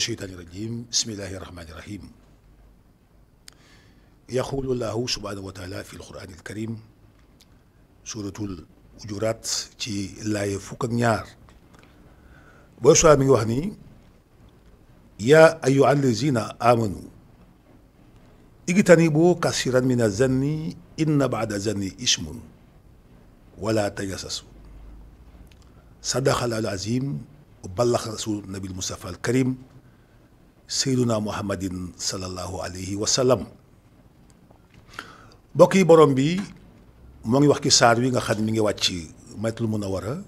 الشيطان الرجيم بسم الله الرحمن الرحيم يقول الله سبحانه وتعالى في القرآن الكريم سورة الحجرات ci laay fukk ak ñaar boo soo mi ngi wax ni yaa ayyuha allazina amanu ijtanibu kasiran min azanni inna ba'da zanni ismun wala tajassasu sadaqa al azim balax rasul nabil mustafa al karim sayduna muhammadin sallallahu alayhi wa sallam mbokk yi borom bi moo ngi wax ci saar wi nga xam ne mi ngi wàcc maytul munawara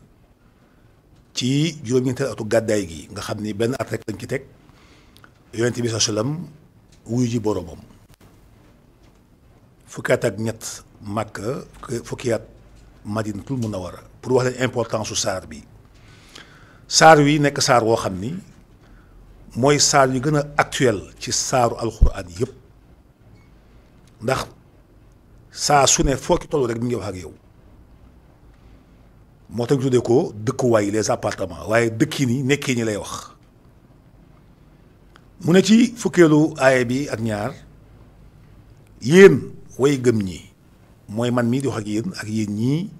ci juróom-ñeenteel atu gàddaay gi nga xam ni benn at rek lañ ci teg yonent bi sallallahu alayhi wa sallam wuyu ji boromam fukki at ak ñett Makka fukki at a munawara pour wax leen importance su saar bi saar wi nekk saar woo xam ni mooy saar yu gën a actuel ci saaru alxuraan yëpp ndax saa su ne foo ki tollu rek mi ngi wax ak yow moo tax tuddee ko dëkkuwaay les appartements waaye dëkki ni nekki ni lay wax mu ne ci fukkeelu aaya bi ak ñaar yéen way gëm ñi mooy man mii di wax ak yéen ak yéen ñii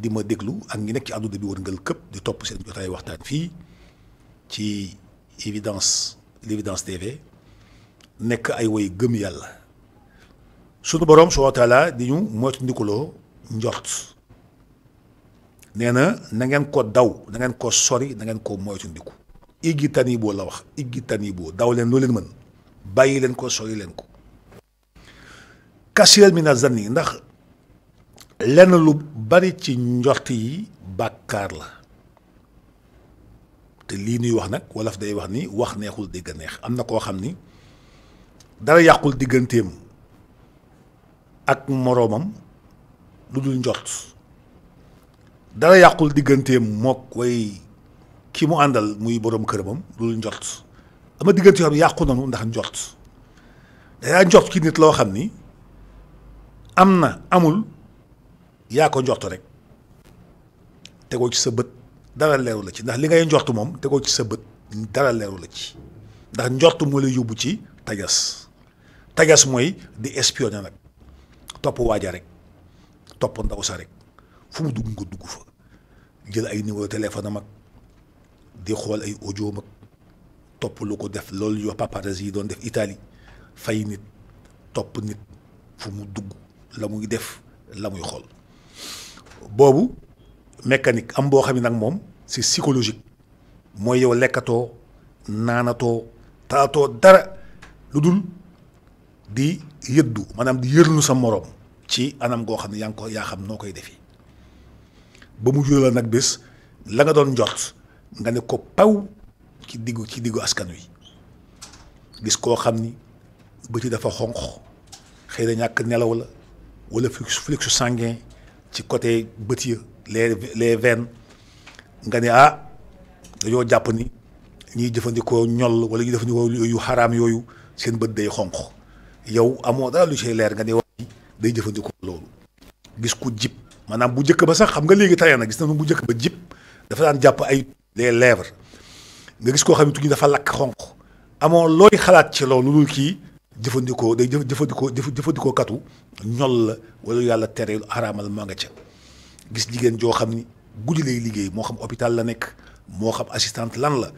di ma déglu ak ñi nekk ci àdduna bi wërngal këpp di topp seen jotaay waxtaan fii ci évidence l'évidence TV nekk ay woy gëm yàlla sunu borom subhaanahu wa di ñu moytu ndikuloo njort nee na na ngeen ko daw na ko sori na ngeen ko moytu ndiku iggi tani boo la wax iggi tani boo daw leen loo leen mën bàyyi leen ko sori leen ko kasiran mina zanni ndax lenn lu bari ci njort yi bàkkaar la te lii nuy wax nag wolof day wax ni wax neexul digg neex am na koo xam ni dara yàqul digganteem ak moroomam lu dul njot dara yàqul digganteem mook koy ki mu àndal muy boroom këramam lu dul njot ama diggante yoo xam yàqu nanu ndax njot dangaa njot ki nit loo xam ni am na amul yaa ko njort rek tegoo ci sa bët dara leeru la ci ndax li ngay njort moom tegoo ci sa bët dara leeru la ci ndax njort moo lay yóbbu ci tagas tagas mooy di espionner nag topp waaja rek topp ndaw sa rek fu mu dugg nga dugg fa jël ay numéro téléphone am ak di xool ay audio am topp lu ko def loolu yoo paparazzi yi doon def Italie fay nit topp nit fu mu dugg la muy def la muy xool boobu mécanique am boo xam ne nag moom si psychologique mooy yow lekkatoo naanatoo taatoo dara lu dul di yëddu maanaam di yërlu sa moroom ci anam goo xam ne yaa ngi ko yaa xam noo koy defi ba mu jural nag bés la nga doon njort nga ne ko paw ci diggu ci diggu askan wi gis koo xam ni bëti dafa xonq xëy na ñàkk nelaw la wala flux flux sanguin ci côté bët ya les les veines nga ne ah ñoo jàpp ni ñuy jëfandikoo ñoll wala ñuy jëfandikoo yu xaraam yooyu seen bët day xonq yow amoo dara lu ci leer nga ne wax day jëfandikoo loolu gis ku jib maanaam bu njëkk ba sax xam nga léegi tawee na gis nañu bu njëkk ba jib dafa daan jàpp ay les lèvres nga gis koo xam ne dafa lakk xonq amoo looy xalaat ci loolu lu dul kii jëfandikoo day jëfandikoo jëfandikoo katu ñol la wala yàlla tere araamal maa nga ca gis jigéen joo xam ni guddi lay liggéey moo xam hôpital la nekk moo xam assistante lan la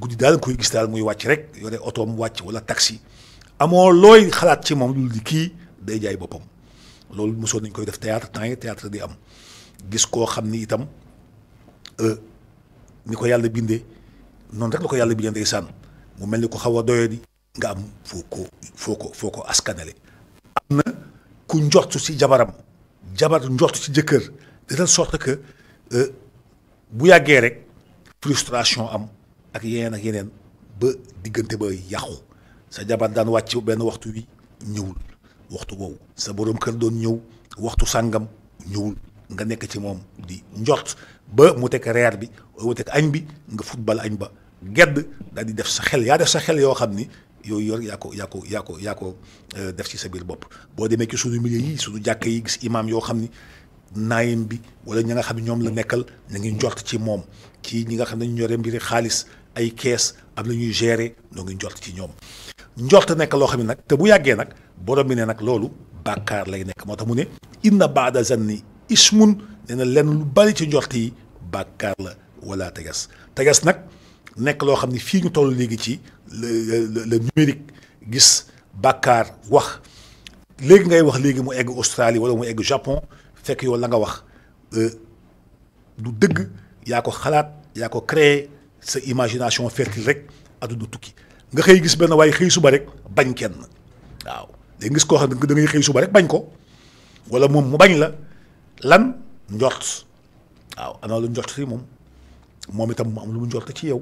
guddi daal koy gis daal muy wàcc rek yore otoom wàcc wala taxi amoo looy xalaat ci moom lu di kii day jaay boppam loolu mosoon nañ koy def théâtre temps yi théâtre di am gis koo xam ni itam euh, ni ko yàlla bindee noonu rek la ko yàlla bindee ndeysaan mu mel ni ko xaw a doyadi nga am foo ko foo ko foo ko askanale am na ku njortu si jabaram jabar njort si jëkkër de telle sorte que euh, bu yàggee rek frustration am ak yeneen ak yeneen ba diggante ba yàqu sa jabar daan wàcc benn waxtu wi ñëwul waxtu boobu sa boroom kër doon ñëw waxtu sàngam ñëwul nga nekk ci moom di njort ba mu teg reer bi wala mu teg añ bi nga football añ ba gedd daal di def sa xel yaa def sa xel yoo xam ni yooyu yor yaa ko yaa ko yaa ko euh, def ci sa biir bopp boo demee ci suñu milieu yi suñu jàkka yi gis imaam yoo xam ni naayim bi wala ña nga xam ne ñoom la nekkal na ngi njort ci moom ci ñi nga xam ne ñu mbiri xaalis ay kees am la ñuy gérer noo ngi njort ci ñoom njort nekk loo xam ne nag te bu yàggee nag borom bi ne nag loolu bàkkaar lay nekk moo tax mu ne inna baada ni ismun nee na lenn lu bari ci njort yi bàkkaar la wala teges teges nag nekk loo xam ni fii ñu toll léegi ci le numérique gis bàkkaar wax léegi ngay wax léegi mu egg Australie wala mu egg Japon fekk yow la nga wax euh, du dëgg yaa ko xalaat yaa ko créé sa imagination fertile rek adduna tukki nga xëy gis benn waaye xëy suba rek bañ kenn waaw léegi gis koo xam ne da ngay xëy suba rek bañ ko wala moom mu bañ la lan njort waaw ana lu njort si moom moom itam mu am lu mu njort ci yow.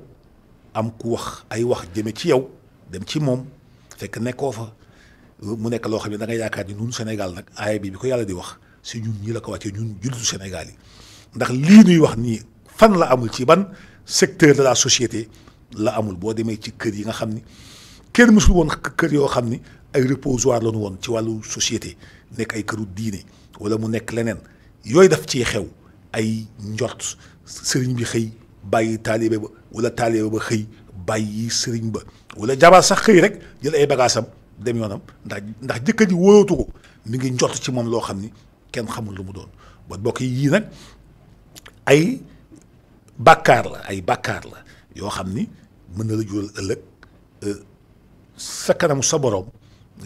am ku wax ay wax jëme ci yow dem ci moom fekk nekkoo fa euh, mu nekk loo xam ne da nga yaakaar ni ñun Sénégal nag aaya bi bi ko yàlla di wax si ñun ñi la ko wàccee ñun jullitu Sénégal yi ndax lii nuy wax nii fan la amul ci ban secteur de la société la amul boo demee ci kër yi nga xam ni kenn mësul woon kër yoo xam ni ay reposoir lañu woon ci wàllu société nekk ay këru diine wala mu nekk leneen yooyu def ciy xew ay njort sëriñ bi xëy bàyyi taalibe ba wala taalibe ba xëy bàyyi sëriñ ba wala jabar sax xëy rek jël ay bagaasam dem yoonam ndax ndax jëkkër ji wóorootu ko mi ngi njort ci moom loo xam ni kenn xamul lu mu doon ba mbokk yi yii nag ay bàkkaar la ay bàkkaar la yoo xam ni mën na la jural ëllëg euh, sa kanamu sa borom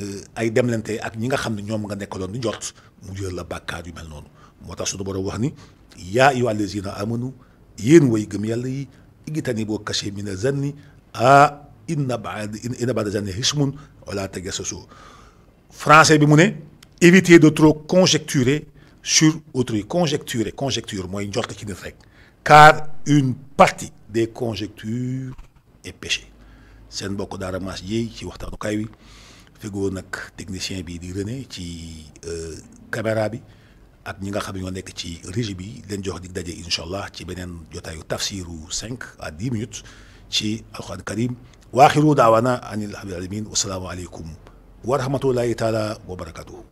euh, ay demlante ak ñi nga xam ne ñoom nga nekkaloon di njort mu jural la bàkkaar yu mel noonu moo tax suñu borom wax ni yaa ayyuhaa allaziina aamanu yéen way gëm yàlla yi igitani boo caché mina zanni ah inna baad inna baada zanni hismun wala tajassasu français bi mu ne éviter de trop conjecturer sur autrui conjecturer conjecture mooy njort ci nit rek car une partie des conjectures est péché seen mbokk daara maas jiey ci waxtaanukaay wi fegoo nag technicien bi di René ci euh, caméra bi ak ñi nga xam ne ñoo nekk ci régie bi leen jox dig daje incha allah ci beneen jotaayu tafsiru 5 à 10 minutes ci alquran karim wa axiru daawaana an alhamdulilah alamin wa salaamu aleykum wa taala wa barakatuhu